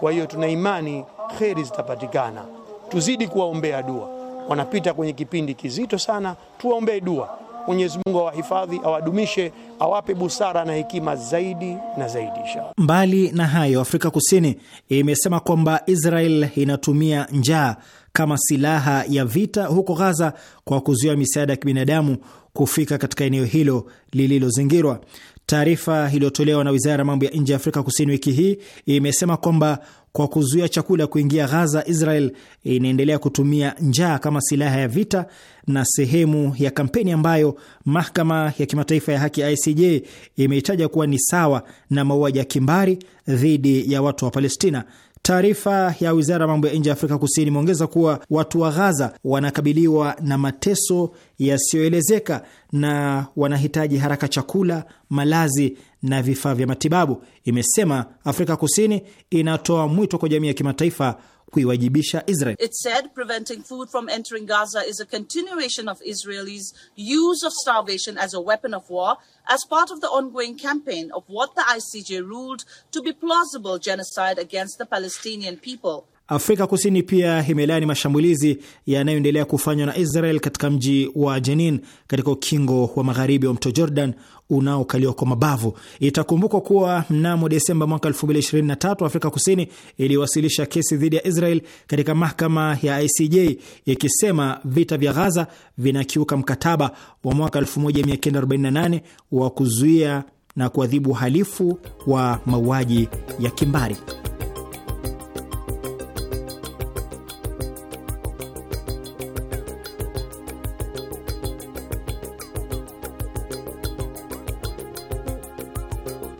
Kwa hiyo tuna imani kheri zitapatikana, tuzidi kuwaombea dua. Wanapita kwenye kipindi kizito sana, tuwaombee dua. Mwenyezi Mungu awahifadhi, awadumishe, awape busara na hekima zaidi na zaidi inshallah. Mbali na hayo, Afrika Kusini imesema kwamba Israel inatumia njaa kama silaha ya vita huko Gaza kwa kuzuia misaada ya kibinadamu kufika katika eneo hilo lililozingirwa. Taarifa iliyotolewa na wizara ya mambo ya nje ya Afrika Kusini wiki hii imesema kwamba kwa kuzuia chakula kuingia Ghaza, Israel inaendelea kutumia njaa kama silaha ya vita na sehemu ya kampeni ambayo mahakama ya kimataifa ya haki ICJ imeitaja kuwa ni sawa na mauaji ya kimbari dhidi ya watu wa Palestina. Taarifa ya wizara ya mambo ya nje ya Afrika Kusini imeongeza kuwa watu wa Ghaza wanakabiliwa na mateso yasiyoelezeka na wanahitaji haraka chakula, malazi na vifaa vya matibabu. Imesema Afrika Kusini inatoa mwito kwa jamii ya kimataifa kuiwajibisha Israel. It said preventing food from entering Gaza is a continuation of Israelis use of starvation as a weapon of war as part of the ongoing campaign of what the ICJ ruled to be plausible genocide against the Palestinian people. Afrika Kusini pia imelaani mashambulizi yanayoendelea kufanywa na Israel katika mji wa Jenin katika ukingo wa magharibi wa mto Jordan unaokaliwa kwa mabavu. Itakumbukwa kuwa mnamo Desemba mwaka 2023 Afrika Kusini iliwasilisha kesi dhidi ya Israel katika mahakama ya ICJ ikisema vita vya Ghaza vinakiuka mkataba wa mwaka 1948 wa kuzuia na kuadhibu uhalifu wa mauaji ya kimbari.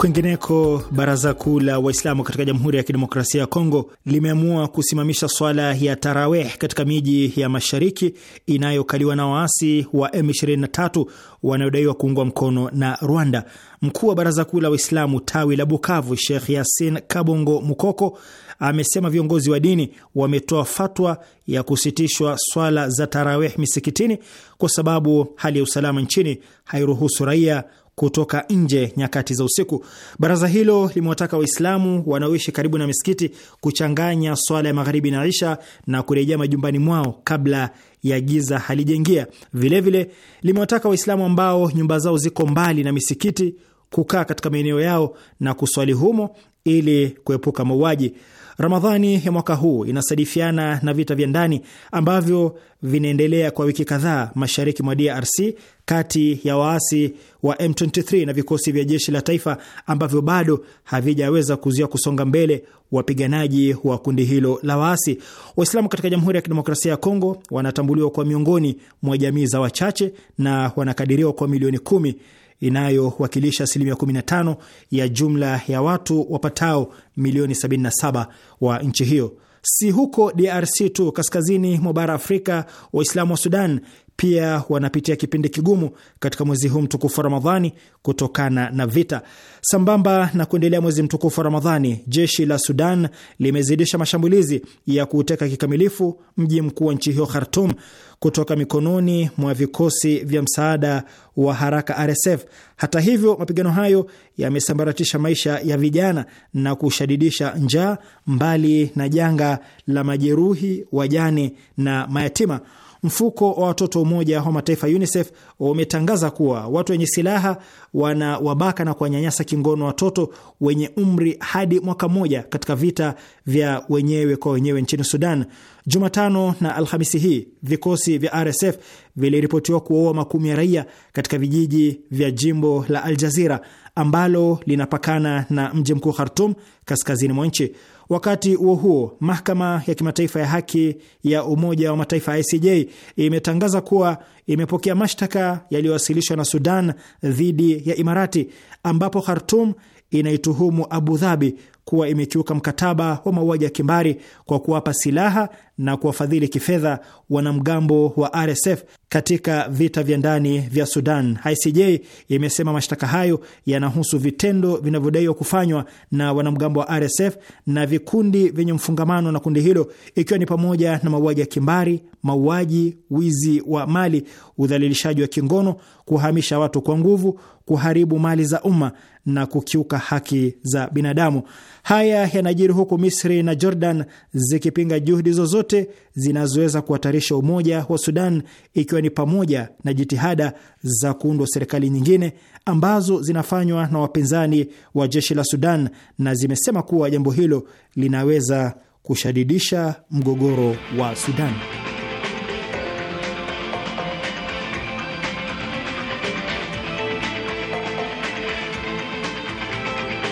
Kwingineko, baraza kuu la Waislamu katika Jamhuri ya Kidemokrasia ya Kongo limeamua kusimamisha swala ya taraweh katika miji ya mashariki inayokaliwa na waasi wa M23 wanayodaiwa kuungwa mkono na Rwanda. Mkuu wa baraza kuu la Waislamu tawi la Bukavu, Sheikh Yasin Kabongo Mukoko, amesema viongozi wa dini wametoa fatwa ya kusitishwa swala za taraweh misikitini kwa sababu hali ya usalama nchini hairuhusu raia kutoka nje nyakati za usiku. Baraza hilo limewataka Waislamu wanaoishi karibu na misikiti kuchanganya swala ya magharibi na isha na kurejea majumbani mwao kabla ya giza halijaingia. Vilevile limewataka Waislamu ambao nyumba zao ziko mbali na misikiti kukaa katika maeneo yao na kuswali humo ili kuepuka mauaji. Ramadhani ya mwaka huu inasadifiana na vita vya ndani ambavyo vinaendelea kwa wiki kadhaa mashariki mwa DRC kati ya waasi wa M23 na vikosi vya jeshi la taifa ambavyo bado havijaweza kuzuia kusonga mbele wapiganaji wa kundi hilo la waasi. Waislamu katika Jamhuri ya Kidemokrasia ya Kongo wanatambuliwa kwa miongoni mwa jamii za wachache na wanakadiriwa kwa milioni kumi inayowakilisha asilimia 15 ya jumla ya watu wapatao milioni 77 wa nchi hiyo. Si huko DRC tu, kaskazini mwa bara Afrika, Waislamu wa Sudan pia wanapitia kipindi kigumu katika mwezi huu mtukufu wa Ramadhani kutokana na vita. Sambamba na kuendelea mwezi mtukufu wa Ramadhani, jeshi la Sudan limezidisha mashambulizi ya kuuteka kikamilifu mji mkuu wa nchi hiyo Khartum kutoka mikononi mwa vikosi vya msaada wa haraka RSF. Hata hivyo, mapigano hayo yamesambaratisha maisha ya vijana na kushadidisha njaa, mbali na janga la majeruhi, wajane na mayatima. Mfuko wa watoto Umoja wa Mataifa UNICEF umetangaza kuwa watu wenye silaha wana wabaka na kuwanyanyasa kingono watoto wenye umri hadi mwaka mmoja katika vita vya wenyewe kwa wenyewe nchini Sudan. Jumatano na Alhamisi hii vikosi vya RSF viliripotiwa kuwaua makumi ya raia katika vijiji vya jimbo la Al Jazira ambalo linapakana na mji mkuu Khartum kaskazini mwa nchi. Wakati huo huo, mahakama ya kimataifa ya haki ya Umoja wa Mataifa ICJ imetangaza kuwa imepokea mashtaka yaliyowasilishwa na Sudan dhidi ya Imarati, ambapo Khartum inaituhumu Abu Dhabi kuwa imekiuka mkataba wa mauaji ya kimbari kwa kuwapa silaha na kuwafadhili kifedha wanamgambo wa RSF katika vita vya ndani vya Sudan. ICJ imesema mashtaka hayo yanahusu vitendo vinavyodaiwa kufanywa na wanamgambo wa RSF na vikundi vyenye mfungamano na kundi hilo, ikiwa ni pamoja na mauaji ya kimbari, mauaji, wizi wa mali, udhalilishaji wa kingono, kuhamisha watu kwa nguvu, kuharibu mali za umma na kukiuka haki za binadamu. Haya yanajiri huku Misri na Jordan zikipinga juhudi zozote zinazoweza kuhatarisha umoja wa Sudan, ikiwa ni pamoja na jitihada za kuundwa serikali nyingine ambazo zinafanywa na wapinzani wa jeshi la Sudan, na zimesema kuwa jambo hilo linaweza kushadidisha mgogoro wa Sudan.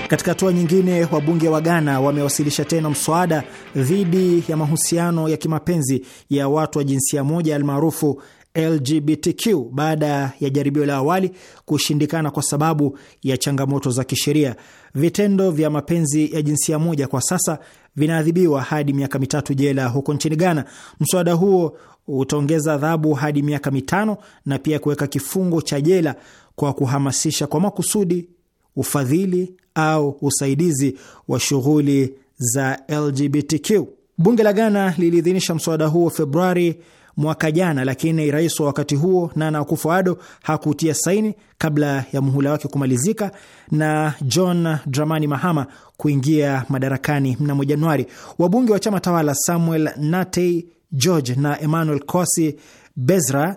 Katika hatua nyingine, wabunge wa Ghana wamewasilisha tena mswada dhidi ya mahusiano ya kimapenzi ya watu wa jinsia moja almaarufu LGBTQ baada ya jaribio la awali kushindikana kwa sababu ya changamoto za kisheria. Vitendo vya mapenzi ya jinsia moja kwa sasa vinaadhibiwa hadi miaka mitatu jela huko nchini Ghana. Mswada huo utaongeza adhabu hadi miaka mitano na pia kuweka kifungo cha jela kwa kuhamasisha kwa makusudi ufadhili au usaidizi wa shughuli za LGBTQ. Bunge la Ghana liliidhinisha mswada huo Februari mwaka jana, lakini rais wa wakati huo Nana Akufo-Addo hakutia saini kabla ya muhula wake kumalizika na John Dramani Mahama kuingia madarakani mnamo Januari. Wabunge wa chama tawala Samuel Natey George na Emmanuel Kosi Bezra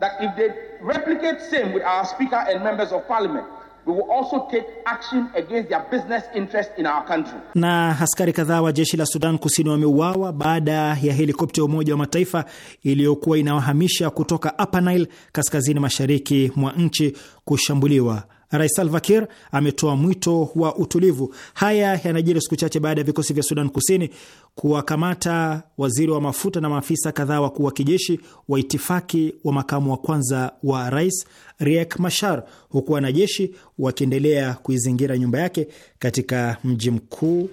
that if they replicate same with our speaker and members of parliament We will also take action against their business interest in our country. Na askari kadhaa wa jeshi la Sudan Kusini wameuawa baada ya helikopta ya Umoja wa Mataifa iliyokuwa inawahamisha kutoka Upper Nile kaskazini mashariki mwa nchi kushambuliwa. Rais Salva Kiir ametoa mwito wa utulivu. Haya yanajiri siku chache baada ya vikosi vya Sudan Kusini kuwakamata waziri wa mafuta na maafisa kadhaa wakuu wa kijeshi wa itifaki wa makamu wa kwanza wa rais Riek Machar, huku wanajeshi wakiendelea kuizingira nyumba yake katika mji mkuu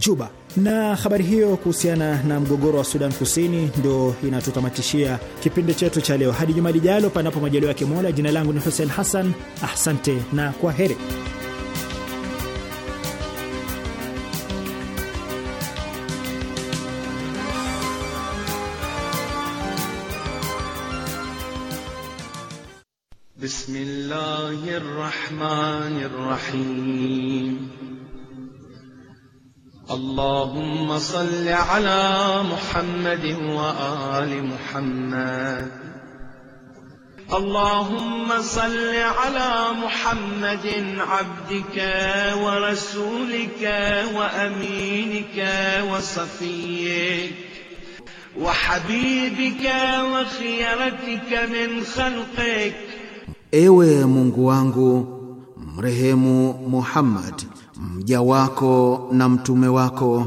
Juba. Na habari hiyo kuhusiana na mgogoro wa Sudan Kusini ndio inatutamatishia kipindi chetu cha leo. Hadi juma lijalo, panapo majaliwa ya Kimola. Jina langu ni Hussein Hassan, asante na kwa heri. الله الرحمن الرحيم اللهم صل على محمد وآل محمد اللهم صل على محمد عبدك ورسولك وأمينك وصفيك وحبيبك وخيرتك من خلقك Ewe Mungu wangu, mrehemu Muhammad mja wako na mtume wako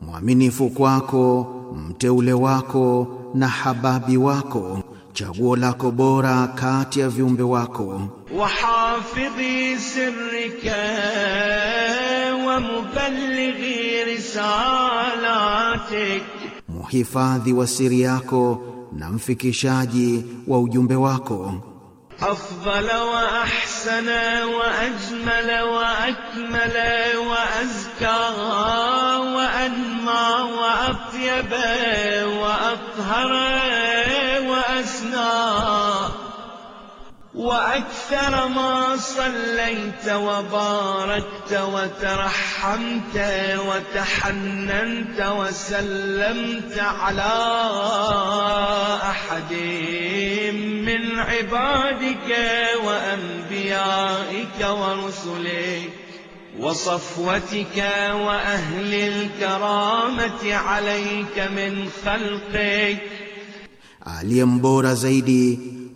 mwaminifu kwako mteule wako na hababi wako chaguo lako bora kati ya viumbe wako. wahafidhi sirrika wa mubalighi risalatik, muhifadhi wa siri yako na mfikishaji wa ujumbe wako. أفضل وأحسن وأجمل وأكمل وأزكى وأنمى وأطيب وأطهر وأسنى وأكثر ما صليت وباركت وترحمت وتحننت وسلمت على أحد من عبادك وأنبيائك ورسلك وصفوتك وأهل الكرامة عليك من خلقك علي مبورة زيدي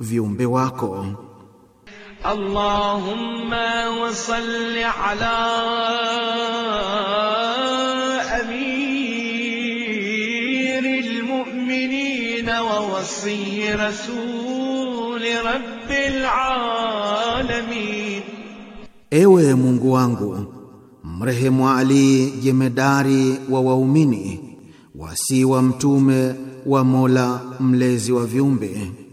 viumbe wako. Allahumma wa salli ala amiril mu'minin wa wasi rasul rabbil alamin, Ewe Mungu wangu mrehemu Ali jemedari wa waumini wasi wa mtume wa Mola mlezi wa viumbe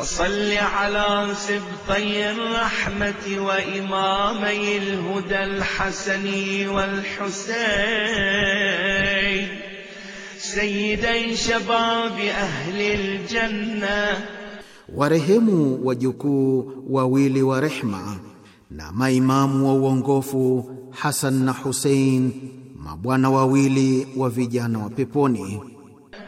وصل على سبطي الرحمة وإمامي الهدى الحسن والحسين سيدي شباب أهل الجنة warehemu wajukuu wawili wa rehma na maimamu wa uongofu Hasan na Husein, mabwana wawili wa vijana wa peponi.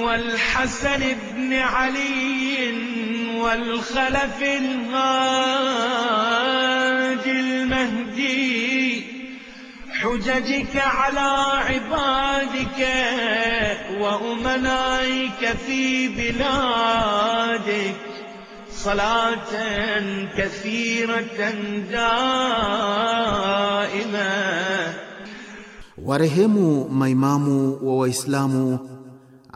والحسن بن علي والخلف الهاج المهدي حججك على عبادك وأمنائك في بلادك صلاة كثيرة دائمة ورحموا مaimamu wa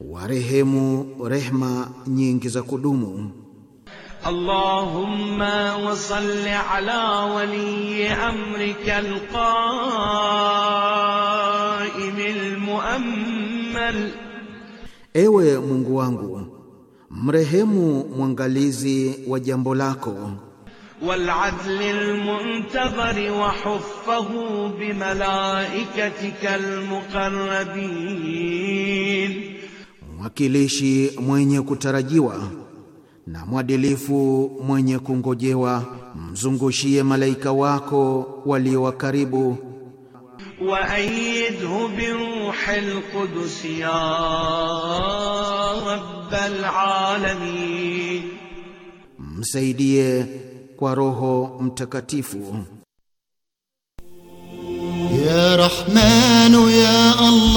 warehemu rehma nyingi za kudumu. Allahumma wa salli ala wali amrika alqaim almuammal, Ewe Mungu wangu mrehemu mwangalizi wa jambo lako Wal almuntazir wa huffahu bi بملائكتك المقربين mwakilishi mwenye kutarajiwa na mwadilifu mwenye kungojewa, mzungushie malaika wako walio wa karibu. Wa aidhu bi ruhil qudus ya rabbal alamin, msaidie kwa Roho Mtakatifu. Ya Rahmanu ya Allah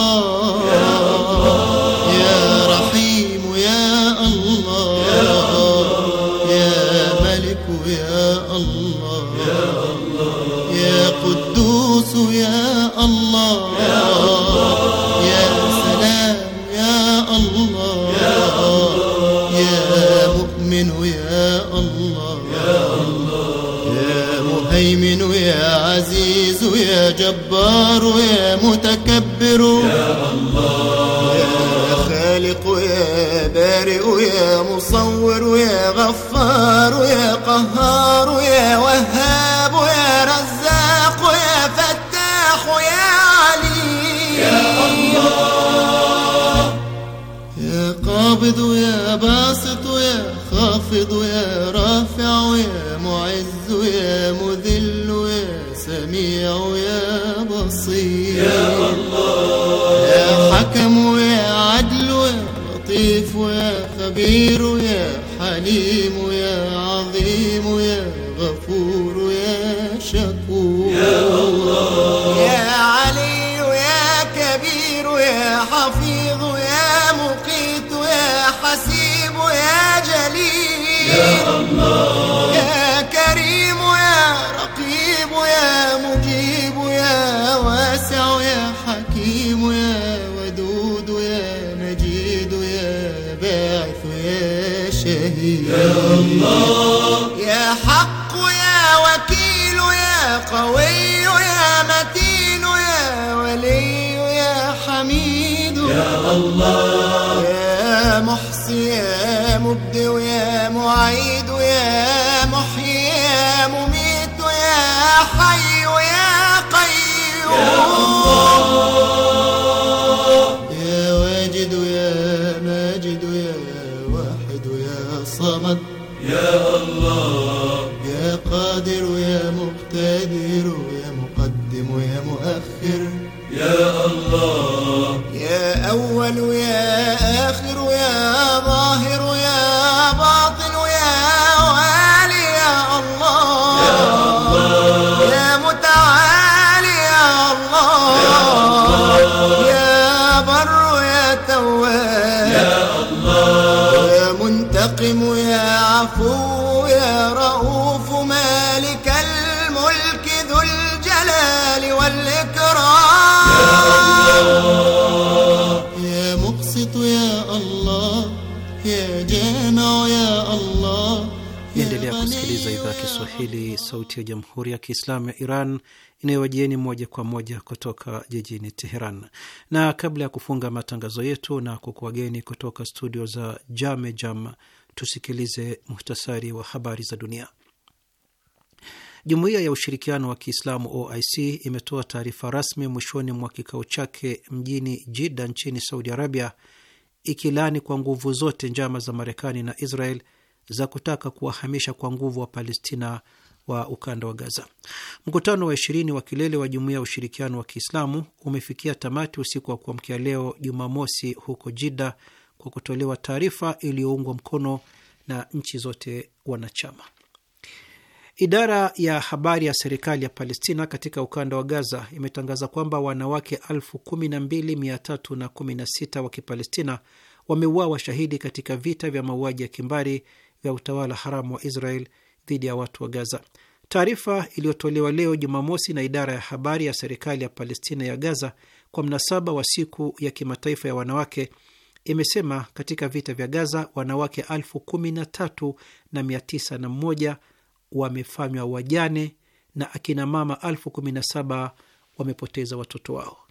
الله يا محصي يا مبد ويا معيد ويا محي يا مميت ويا حي ويا قيوم يا الله يا واجد ويا ماجد ويا واحد ويا صمد يا الله يا قادر ويا مقتدر when we Kiswahili, sauti ya jamhuri ya kiislamu ya Iran inayowajieni moja kwa moja kutoka jijini Teheran. Na kabla ya kufunga matangazo yetu na kukuwageni kutoka studio za Jam, tusikilize muhtasari wa habari za dunia. Jumuiya ya ushirikiano wa Kiislamu OIC imetoa taarifa rasmi mwishoni mwa kikao chake mjini jida nchini Saudi Arabia, ikilani kwa nguvu zote njama za Marekani na Israel za kutaka kuwahamisha kwa nguvu wa Palestina wa ukanda wa Gaza. Mkutano wa ishirini wa kilele wa Jumuiya ya Ushirikiano wa Kiislamu umefikia tamati usiku wa kuamkia leo Jumamosi huko Jida kwa kutolewa taarifa iliyoungwa mkono na nchi zote wanachama. Idara ya habari ya serikali ya Palestina katika ukanda wa Gaza imetangaza kwamba wanawake 12316 wa Kipalestina wameuawa shahidi katika vita vya mauaji ya kimbari vya utawala haramu wa Israel dhidi ya watu wa Gaza. Taarifa iliyotolewa leo Jumamosi na idara ya habari ya serikali ya Palestina ya Gaza kwa mnasaba wa siku ya kimataifa ya wanawake imesema katika vita vya Gaza wanawake elfu kumi na tatu na mia tisa na wamefanywa wajane na akinamama elfu kumi na saba wamepoteza watoto wao.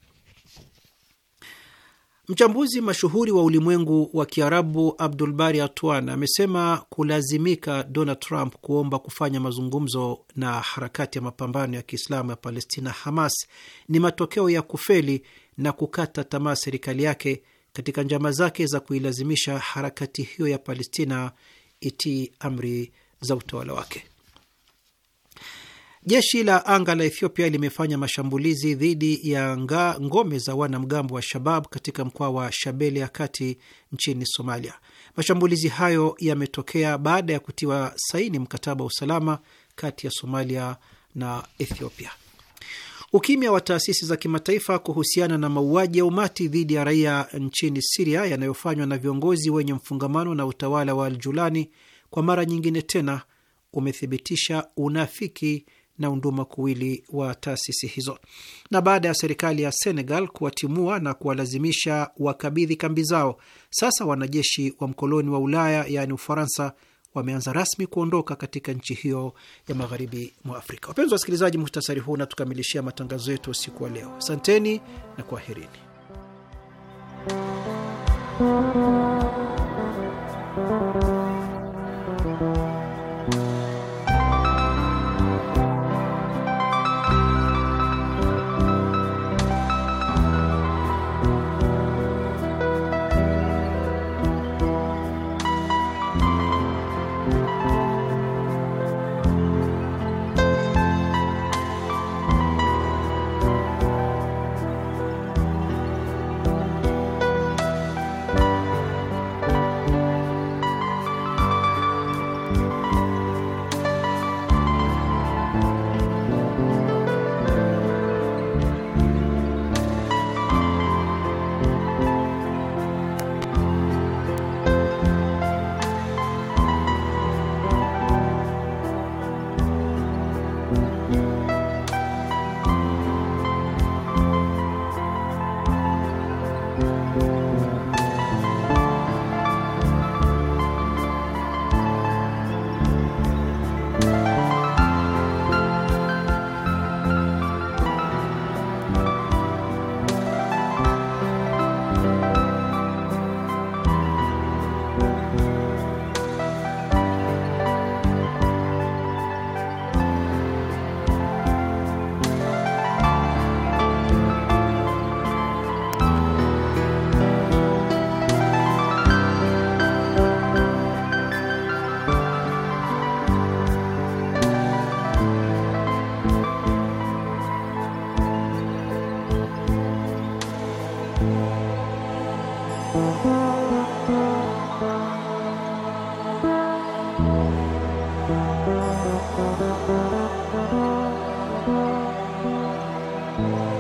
Mchambuzi mashuhuri wa ulimwengu wa Kiarabu Abdul Bari Atwan amesema kulazimika Donald Trump kuomba kufanya mazungumzo na harakati ya mapambano ya Kiislamu ya Palestina, Hamas, ni matokeo ya kufeli na kukata tamaa serikali yake katika njama zake za kuilazimisha harakati hiyo ya Palestina itii amri za utawala wake. Jeshi la anga la Ethiopia limefanya mashambulizi dhidi ya nga, ngome za wanamgambo wa Shabab katika mkoa wa Shabele ya kati nchini Somalia. Mashambulizi hayo yametokea baada ya kutiwa saini mkataba wa usalama kati ya Somalia na Ethiopia. Ukimya wa taasisi za kimataifa kuhusiana na mauaji ya umati dhidi ya raia nchini Siria yanayofanywa na viongozi wenye mfungamano na utawala wa Aljulani kwa mara nyingine tena umethibitisha unafiki na kuwili wa taasisi hizo. Na baada ya serikali ya Senegal kuwatimua na kuwalazimisha wakabidhi kambi zao, sasa wanajeshi wa mkoloni wa Ulaya yaani Ufaransa wameanza rasmi kuondoka katika nchi hiyo ya magharibi mwa Afrika. Wapenzi wasikilizaji, muhtasari huu natukamilishia matangazo yetu usiku wa leo. Asanteni na kwaherini.